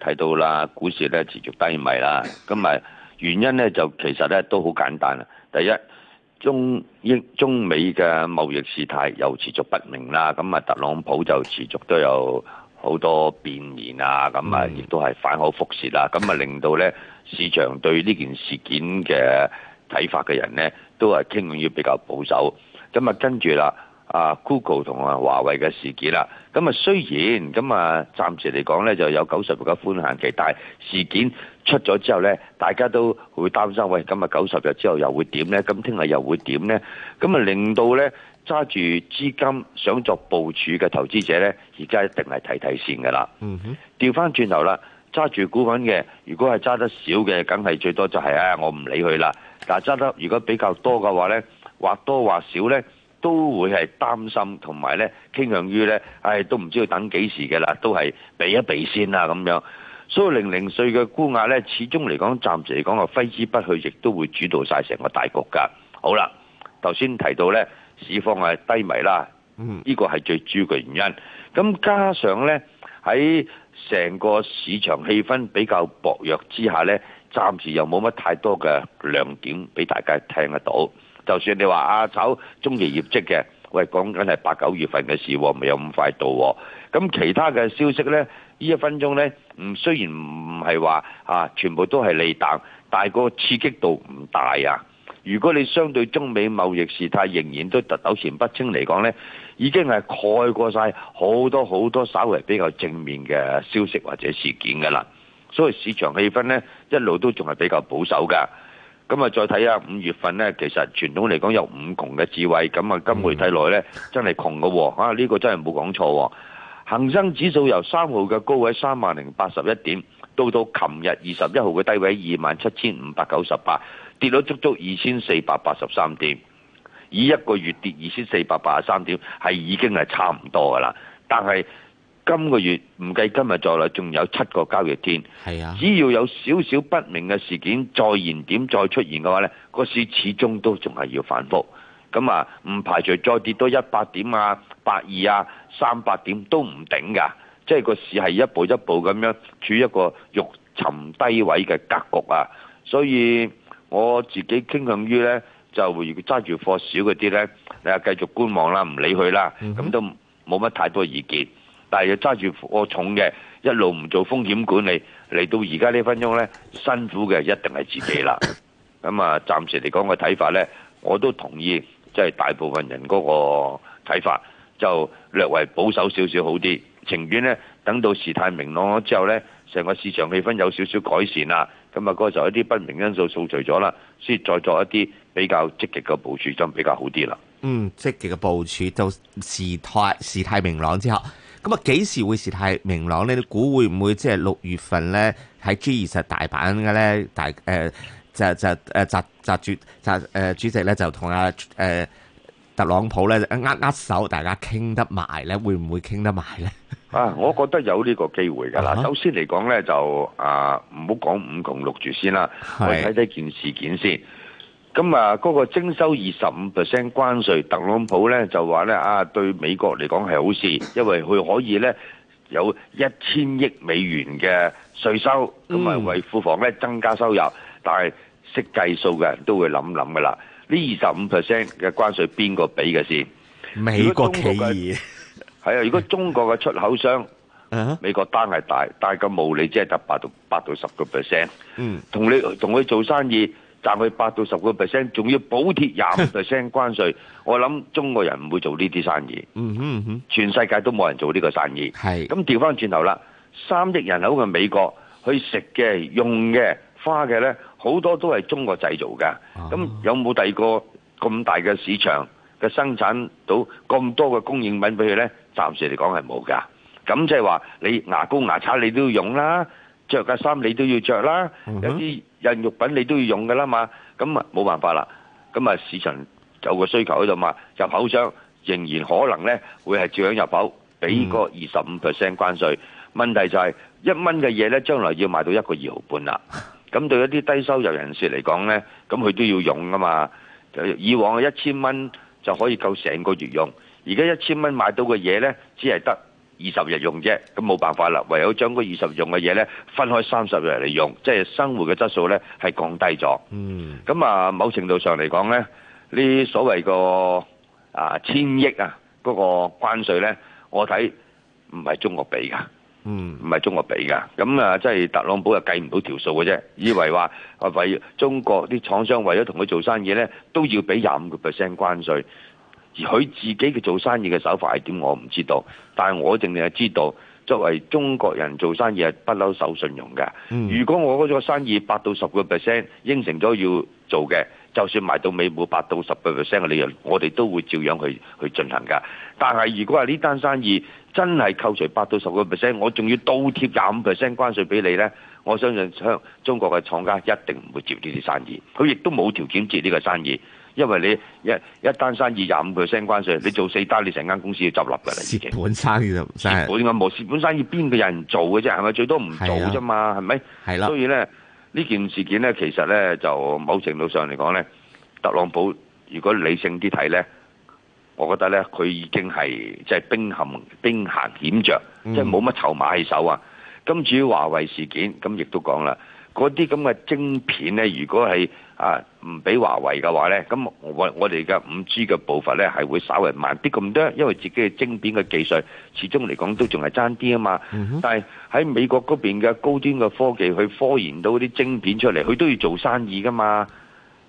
睇到啦，股市咧持續低迷啦，咁啊原因咧就其實咧都好簡單啊。第一，中英中美嘅貿易事態又持續不明啦，咁啊特朗普就持續都有好多變言啊，咁啊亦都係反口覆舌啦，咁啊令到咧市場對呢件事件嘅睇法嘅人咧都係傾向於比較保守，咁啊跟住啦。啊，Google 同啊華為嘅事件啦，咁啊雖然咁啊暫時嚟講咧，就有九十日嘅寬限期，但係事件出咗之後咧，大家都會擔心，喂，今日九十日之後又會點咧？咁聽日又會點咧？咁啊令到咧揸住資金想作部署嘅投資者咧，而家一定係提提線㗎啦。嗯哼、mm，調翻轉頭啦，揸住股份嘅，如果係揸得少嘅，梗係最多就係、是、啊，我唔理佢啦。但係揸得如果比較多嘅話咧，或多或少咧。都會係擔心，同埋咧傾向於咧、哎，都唔知道要等幾時嘅啦，都係避一避先啦、啊、咁樣。所以零零碎嘅沽壓咧，始終嚟講，暫時嚟講啊，揮之不去，亦都會主導曬成個大局㗎。好啦，頭先提到咧，市況係低迷啦，嗯，呢個係最主要嘅原因。咁加上咧喺成個市場氣氛比較薄弱之下咧，暫時又冇乜太多嘅亮點俾大家聽得到。就算你話啊炒中期業績嘅，喂講緊係八九月份嘅事喎、啊，未有咁快到喎、啊。咁其他嘅消息呢，呢一分鐘呢，唔雖然唔係話啊全部都係利淡，但係個刺激度唔大啊。如果你相對中美貿易事態仍然都糾纏不清嚟講呢，已經係蓋過晒好多好多稍微比較正面嘅消息或者事件噶啦。所以市場氣氛呢，一路都仲係比較保守噶。咁啊，再睇下五月份呢，其實傳統嚟講有五窮嘅智慧，咁啊今回睇來呢，真係窮嘅喎，呢個真係冇講錯喎，恆生指數由三號嘅高位三萬零八十一點，到到琴日二十一號嘅低位二萬七千五百九十八，跌咗足足二千四百八十三點，以一個月跌二千四百八十三點，係已經係差唔多噶啦，但係。今個月唔計今日再嚟，仲有七個交易天。係啊，只要有少少不明嘅事件再燃點再出現嘅話，呢個市始終都仲係要反覆咁啊，唔排除再跌多一百點啊、百二啊、三百點都唔頂噶。即係個市係一步一步咁樣處於一個欲沉低位嘅格局啊。所以我自己傾向於呢，就如果揸住貨少嗰啲呢，你啊繼續觀望啦，唔理佢啦，咁、嗯、哼都冇乜太多意見。但係揸住貨重嘅一路唔做風險管理，嚟到而家呢分鐘呢，辛苦嘅一定係自己啦。咁啊，暫 時嚟講嘅睇法呢，我都同意，即係大部分人嗰個睇法，就略為保守少少好啲，情願呢，等到事態明朗咗之後呢，成個市場氣氛有少少改善啦，咁啊嗰時候一啲不明因素掃除咗啦，先再做一啲比較積極嘅部署，就比較好啲啦。嗯，積極嘅部署到事態事態明朗之後。咁、呃呃、啊，幾時會事態明朗咧？股會唔會即係六月份咧喺 G 二十大阪嘅咧？大誒就就誒習習主習誒主席咧就同阿誒特朗普咧握握手，大家傾得埋咧，會唔會傾得埋咧？啊，我覺得有呢個機會㗎嗱。Uh huh. 首先嚟講咧，就啊唔好講五窮六絕先啦，是我睇睇件事件先。咁啊，嗰個徵收二十五 percent 關稅，特朗普咧就話咧啊，對美國嚟講係好事，因為佢可以咧有一千億美元嘅稅收，咁啊為庫房咧增加收入。但係識計數嘅人都會諗諗㗎喇，呢二十五 percent 嘅關稅邊個俾嘅先？美國企業係啊，如果中國嘅出口商，美國單係大，但係個毛利只係得八到八到十個 percent，同你同佢做生意。賺佢八到十個 percent，仲要補貼廿五 percent 關稅， 我諗中國人唔會做呢啲生意。嗯哼嗯嗯，全世界都冇人做呢個生意。係是，咁調翻轉頭啦，三億人口嘅美國，去食嘅、用嘅、花嘅咧，好多都係中國製造噶。咁、啊、有冇第二個咁大嘅市場嘅生產到咁多嘅供應品俾佢咧？暫時嚟講係冇噶。咁即係話，你牙膏牙刷你都要用啦，着嘅衫你都要着啦，嗯、哼有啲。日用品你都要用噶啦嘛，咁啊冇辦法啦，咁啊市場有個需求喺度嘛，入口商仍然可能呢會係照樣入口，俾個二十五 percent 關稅。問題就係一蚊嘅嘢呢，將來要賣到一個二毫半啦。咁對一啲低收入人士嚟講呢，咁佢都要用噶嘛。就以往一千蚊就可以夠成個月用，而家一千蚊買到嘅嘢呢，只係得。二十日用啫，咁冇辦法啦，唯有將嗰二十日用嘅嘢咧，分開三十日嚟用，即係生活嘅質素咧係降低咗。嗯，咁啊，某程度上嚟講咧，呢所謂個啊千億啊嗰個關稅咧，我睇唔係中國俾噶，嗯，唔係中國俾噶，咁啊，即係特朗普又計唔到條數嘅啫，以為話為中國啲廠商為咗同佢做生意咧，都要俾廿五個 percent 關稅。而佢自己嘅做生意嘅手法係點，我唔知道。但係我淨係知道，作為中國人做生意係不嬲守信用嘅。如果我嗰個生意八到十個 percent 應承咗要做嘅，就算賣到尾冇八到十個 percent 嘅利潤，我哋都會照樣去去進行噶。但係如果係呢單生意真係扣除八到十個 percent，我仲要倒貼廿五 percent 關稅俾你咧，我相信香中國嘅廠家一定唔會接呢啲生意，佢亦都冇條件接呢個生意。因為你一一單生意廿五個巴仙關稅，你做四單，你成間公司要執笠㗎啦。蝕本生意，蝕本咁冇蝕本生意邊個人做嘅啫？係咪最多唔做啫嘛？係咪？係啦。所以咧，呢件事件咧，其實咧就某程度上嚟講咧，特朗普如果理性啲睇咧，我覺得咧佢已經係、嗯、即係兵行兵行險着，即係冇乜籌碼喺手啊。咁至於華為事件，咁亦都講啦，嗰啲咁嘅晶片咧，如果係啊～唔俾華為嘅話咧，咁我我哋嘅五 G 嘅步伐咧係會稍微慢啲咁多，因為自己嘅晶片嘅技術，始終嚟講都仲係爭啲啊嘛。但係喺美國嗰邊嘅高端嘅科技去科研到啲晶片出嚟，佢都要做生意噶嘛。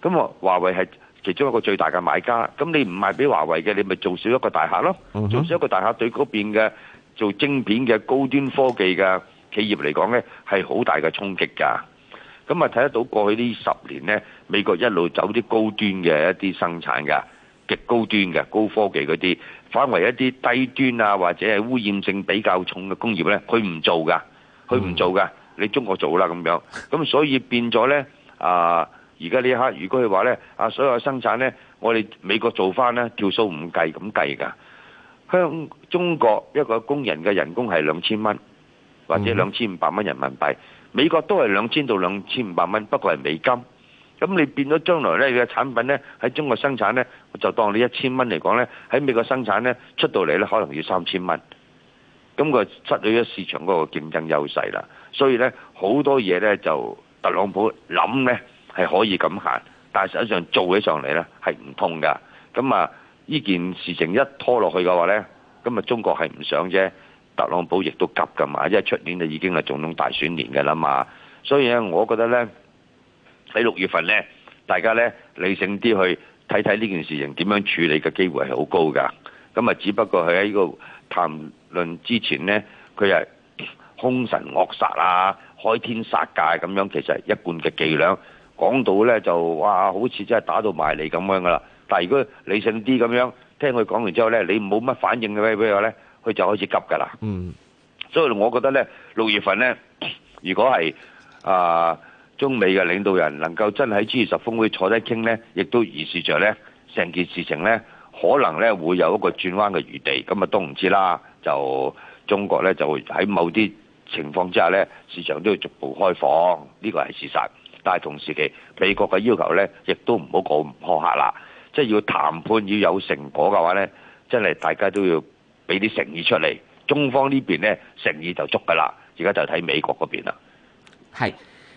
咁啊，華為係其中一個最大嘅買家。咁你唔賣俾華為嘅，你咪做少一個大客咯。做少一個大客，對嗰邊嘅做晶片嘅高端科技嘅企業嚟講咧，係好大嘅衝擊㗎。咁啊，睇得到過去呢十年呢，美國一路走啲高端嘅一啲生產嘅極高端嘅高科技嗰啲，反為一啲低端啊或者係污染性比較重嘅工業呢，佢唔做噶，佢唔做噶，你中國做啦咁樣。咁所以變咗呢啊，而家呢一刻，如果佢話呢啊，所有生產呢，我哋美國做返呢，條數唔計咁計噶。香中國一個工人嘅人工係兩千蚊，或者兩千五百蚊人民幣。美國都係兩千到兩千五百蚊，不過係美金。咁你變咗將來你嘅產品呢，喺中國生產呢，就當你一千蚊嚟講呢，喺美國生產呢，出到嚟呢，可能要三千蚊。咁佢失去咗市場嗰個競爭優勢啦，所以呢，好多嘢呢，就特朗普諗呢係可以咁行，但係實際上做起上嚟呢，係唔通㗎。咁啊呢件事情一拖落去嘅話呢，咁啊中國係唔想啫。特朗普亦都急噶嘛，因為出年就已經係總統大選年㗎啦嘛，所以咧，我覺得咧喺六月份咧，大家咧理性啲去睇睇呢件事情點樣處理嘅機會係好高噶，咁啊，只不過佢喺呢個談論之前呢，佢係兇神惡煞啊、開天殺戒咁樣，其實一貫嘅伎倆，講到咧就哇，好似真係打到埋嚟咁樣噶啦，但係如果理性啲咁樣聽佢講完之後咧，你冇乜反應嘅咧，譬如咧。佢就開始急㗎啦，嗯、所以我覺得呢，六月份呢，如果係啊、呃、中美嘅領導人能夠真係喺 G20 峰會坐低傾呢，亦都預示着呢成件事情呢，可能呢會有一個轉彎嘅餘地。咁啊，都唔知啦。就中國呢，就會喺某啲情況之下呢，市場都要逐步開放，呢個係事實。但係同時期美國嘅要求呢，亦都唔好過苛刻啦。即係要談判要有成果嘅話呢，真係大家都要。俾啲誠意出嚟，中方呢邊呢，誠意就足噶啦。而家就睇美國嗰邊啦。係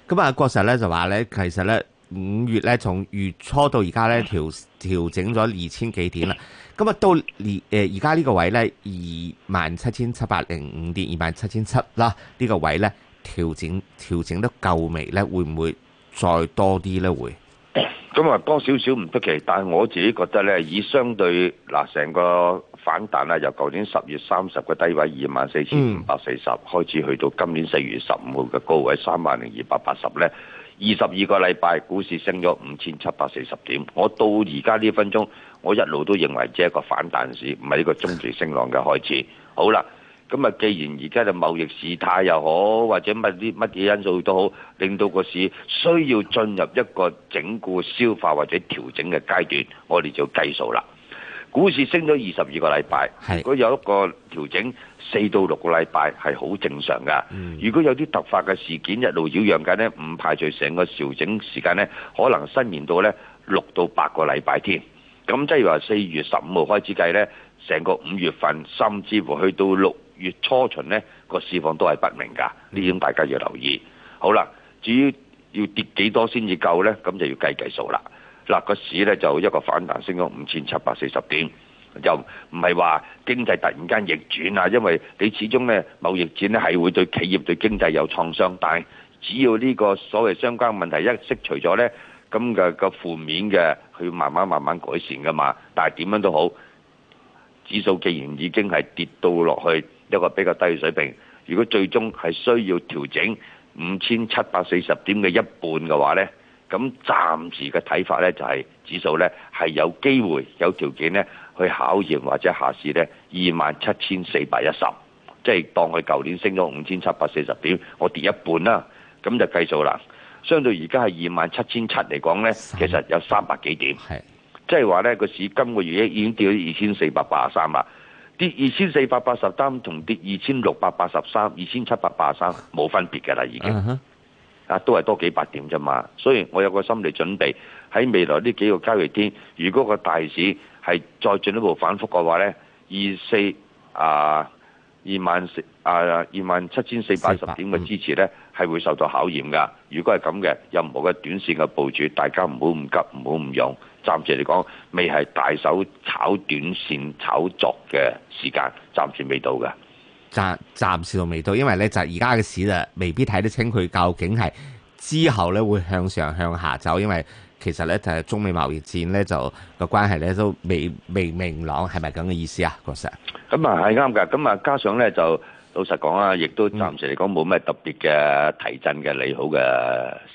咁啊，郭 Sir 呢就話呢，其實呢五月呢，從月初到而家呢，調調整咗二千幾點啦。咁啊，到二誒而家呢個位呢，二萬七千七百零五點，二萬七千七啦。呢個位呢，調整調整得夠未呢，會唔會再多啲呢？會。咁啊，多少少唔出奇，但係我自己覺得咧，以相對嗱成個反彈啊，由舊年十月三十嘅低位二萬四千五百四十開始，去到今年四月十五號嘅高位三萬零二百八十咧，二十二個禮拜股市升咗五千七百四十點。我到而家呢分鐘，我一路都認為只係一個反彈市，唔係一個中段升浪嘅開始。好啦。咁啊，既然而家嘅貿易事態又好，或者乜啲乜嘢因素都好，令到個市需要進入一個整固、消化或者調整嘅階段，我哋就計數啦。股市升咗二十二個禮拜，的如果有一個調整四到六個禮拜係好正常噶。嗯、如果有啲突發嘅事件一路擾攘緊呢，唔排除成個調整時間呢，可能伸延到呢六到八個禮拜添。咁即係話，四月十五號開始計呢，成個五月份，甚至乎去到六。月初旬呢個市況都係不明㗎，呢點大家要留意。好啦，至於要跌幾多先至夠呢？咁就要計計數啦。嗱，個市呢，就一個反彈，升咗五千七百四十點，就唔係話經濟突然間逆轉啊，因為你始終呢貿易戰呢係會對企業對經濟有創傷，但係只要呢個所謂相關問題一剔除咗呢，咁嘅個負面嘅去慢慢慢慢改善㗎嘛。但係點樣都好，指數既然已經係跌到落去。一個比較低水平，如果最終係需要調整五千七百四十點嘅一半嘅話呢咁暫時嘅睇法呢，就係指數呢係有機會有條件呢去考驗或者下市呢二萬七千四百一十，即係當佢舊年升咗五千七百四十點，我跌一半啦，咁就計數啦。相對而家係二萬七千七嚟講呢，其實有三百幾點，即係話呢個市今個月已經跌咗二千四百八十三啦。跌二千四百八十三同跌二千六百八十三、二千七百八十三冇分別㗎啦，已經都係多幾百點啫嘛。所以我有個心理準備喺未來呢幾個交易天，如果個大市係再進一步反覆嘅話呢二四啊二萬四啊二萬七千四百十點嘅支持呢係會受到考驗㗎。如果係咁嘅，任何嘅短線嘅部署，大家唔好唔急，唔好唔用。暫時嚟講，未係大手炒短線炒作嘅時間，暫時未到嘅。暫暫時都未到，因為咧，就係而家嘅市咧，未必睇得清佢究竟係之後咧會向上向下走，因為其實咧就係中美貿易戰咧，就個關係咧都未未，未明朗，係咪咁嘅意思啊？郭生、嗯。咁啊，係啱㗎。咁啊，加上咧就老實講啊，亦都暫時嚟講冇咩特別嘅提振嘅利好嘅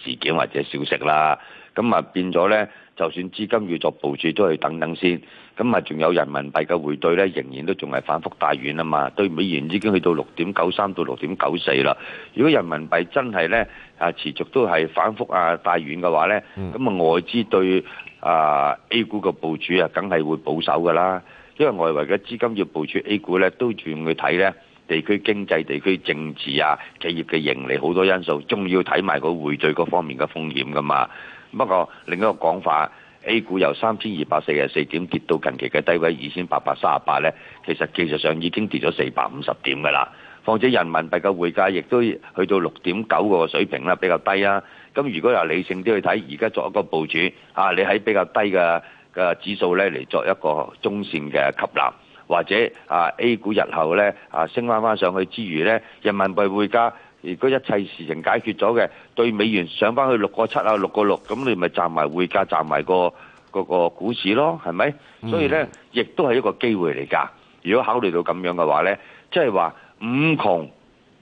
事件或者消息啦。咁啊，變咗咧。就算資金要作部署都係等等先。咁啊，仲有人民幣嘅匯兌咧，仍然都仲係反覆大軟啊嘛。對美元已經去到六點九三到六點九四啦。如果人民幣真係咧啊持續都係反覆啊大軟嘅話咧，咁啊、嗯、外資對啊 A 股嘅部署啊，梗係會保守噶啦。因為外圍嘅資金要部署 A 股咧，都仲要睇咧地區經濟、地區政治啊、企業嘅盈利好多因素，仲要睇埋個匯兌嗰方面嘅風險噶嘛。不過另一個講法，A 股由三千二百四十四點跌到近期嘅低位二千八百三十八咧，其實技術上已經跌咗四百五十點㗎啦。況且人民幣嘅匯價亦都去到六點九個水平啦，比較低啊。咁如果由理性啲去睇，而家作一個部署啊，你喺比較低嘅嘅指數咧嚟作一個中線嘅吸納，或者啊 A 股日後咧啊升翻翻上去之餘咧，人民幣匯價。如果一切事情解決咗嘅，對美元上返去六個七啊，六個六，咁你咪賺埋匯價，賺埋個嗰股市咯，係咪？嗯、所以呢，亦都係一個機會嚟㗎。如果考慮到咁樣嘅話呢，即係話五窮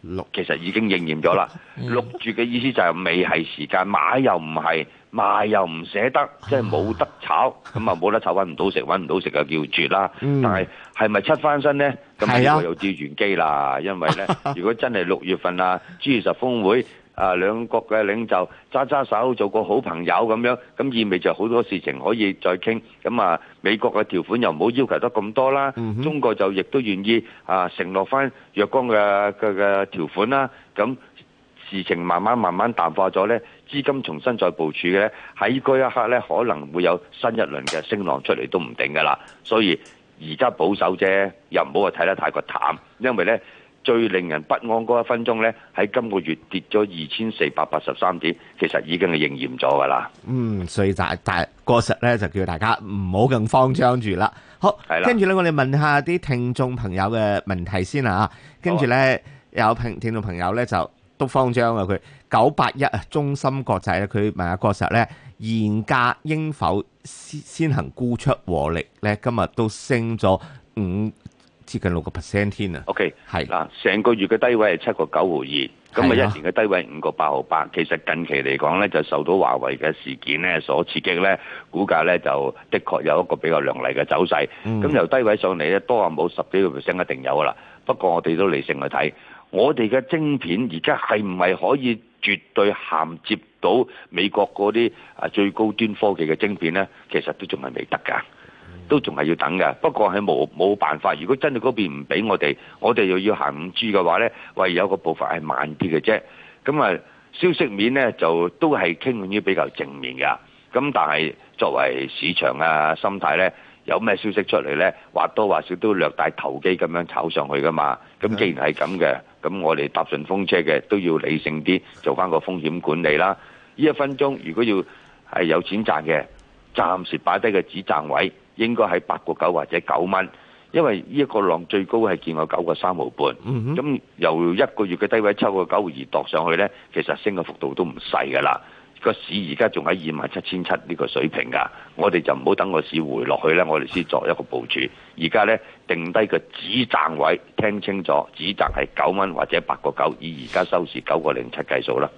六其實已經應驗咗啦。嗯、六住嘅意思就係未係時間，買又唔係。賣又唔捨得，即係冇得炒，咁啊，冇得炒，揾唔到食，揾唔到食就叫絕啦！但係係咪出翻身呢？咁呢個有啲玄機啦，因為呢，如果真係六月份啊，G 二十峯會啊，兩國嘅領袖揸揸手，做個好朋友咁樣，咁意味住好多事情可以再傾。咁啊，美國嘅條款又唔好要求得咁多啦，中國就亦都願意啊承諾翻若干嘅嘅嘅條款啦。咁事情慢慢慢慢淡化咗呢，資金重新再部署嘅喺嗰一刻呢，可能會有新一輪嘅升浪出嚟都唔定噶啦。所以而家保守啫，又唔好話睇得太過淡，因為呢，最令人不安嗰一分鐘呢，喺今個月跌咗二千四百八十三點，其實已經係應驗咗噶啦。嗯，所以大大個實呢就叫大家唔好咁慌張住啦。好，跟住的呢，我哋問下啲聽眾朋友嘅問題先啊。跟住呢，的有聽聽眾朋友呢，就。都慌張啊！佢九八一啊，中芯國際咧，佢問下郭實咧，現價應否先先行沽出獲利咧？今日都升咗五接近六個 percent 添啊！OK，係嗱，成個月嘅低位係七個九毫二，咁啊一年嘅低位五個八毫八。其實近期嚟講咧，就受到華為嘅事件咧所刺激咧，股價咧就的確有一個比較亮麗嘅走勢。咁由低位上嚟咧，多啊冇十幾個 percent 一定有噶啦。不過我哋都理性去睇。我哋嘅晶片而家係唔係可以絕對銜接到美國嗰啲啊最高端科技嘅晶片咧？其實都仲係未得噶，都仲係要等嘅。不過係冇冇辦法，如果真係嗰邊唔俾我哋，我哋又要行五 G 嘅話咧，唯有個步伐係慢啲嘅啫。咁、嗯、啊，消息面咧就都係傾向於比較正面嘅。咁、嗯、但係作為市場啊心態咧，有咩消息出嚟咧，或多或少都略帶投機咁樣炒上去噶嘛。咁既然係咁嘅。咁我哋搭順風車嘅都要理性啲，做返個風險管理啦。呢一分鐘如果要係有錢賺嘅，暫時擺低個止賺位，應該喺八個九或者九蚊，因為呢一個浪最高係見過九個三毫半。咁、mm hmm. 由一個月嘅低位抽個九毫二度上去呢，其實升嘅幅度都唔細㗎喇。個市而家仲喺二萬七千七呢個水平噶，我哋就唔好等個市回落去咧，我哋先作一個部署。而家呢，定低個指賺位，聽清楚，止賺係九蚊或者八個九，以而家收市九個零七計數啦，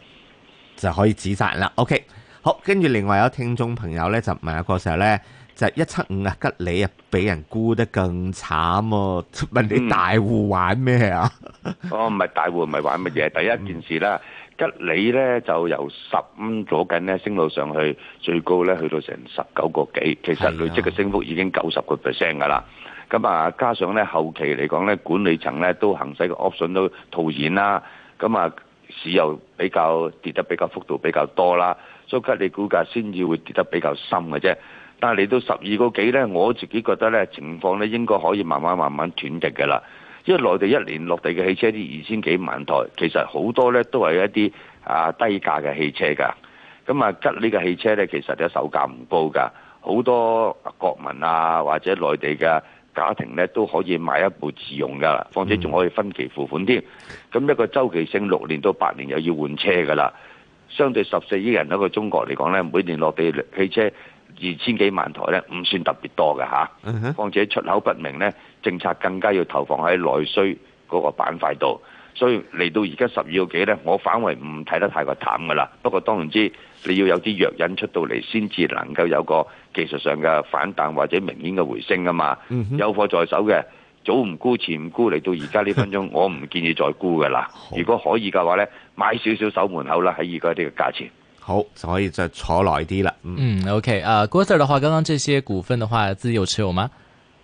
就可以止賺啦。OK，好。跟住另外有一聽眾朋友呢，就問一個時候呢，就一七五啊吉利啊，俾人沽得更慘啊、哦！問你大戶玩咩啊、嗯？哦，唔係大戶，唔係玩乜嘢？第一件事啦。吉利咧就由十左近咧升到上去，最高咧去到成十九個幾，其實累積嘅升幅已經九十個 percent 噶啦。咁啊，的加上咧後期嚟講咧，管理層咧都行使個 option 都套現啦。咁啊，市又比較跌得比較幅度比較多啦，所以吉利股價先至會跌得比較深嘅啫。但係嚟到十二個幾咧，我自己覺得咧情況咧應該可以慢慢慢慢斷直嘅啦。因為內地一年落地嘅汽車啲二千幾萬台，其實好多呢都係一啲啊低價嘅汽車㗎。咁啊吉，呢個汽車呢，其實就售價唔高㗎，好多國民啊或者內地嘅家庭呢，都可以買一部自用㗎啦，況且仲可以分期付款添。咁一個周期性六年到八年又要換車㗎啦。相對十四億人一個中國嚟講呢，每年落地汽車二千幾萬台呢，唔算特別多㗎。嚇、啊。況且出口不明呢。政策更加要投放喺內需嗰個板塊度，所以嚟到而家十二號幾呢，我反為唔睇得太過淡噶啦。不過當然知你要有啲藥引出到嚟，先至能夠有個技術上嘅反彈或者明顯嘅回升啊嘛。嗯、哼有貨在手嘅，早唔沽，遲唔沽，嚟到而家呢分鐘， 我唔建議再沽噶啦。好如果可以嘅話呢，買少少守門口啦，喺而家啲嘅價錢。好，就可以再坐耐啲啦。嗯，嗯，OK 啊，uh, 郭 Sir 嘅話，剛剛這些股份嘅話，自己有持有嗎？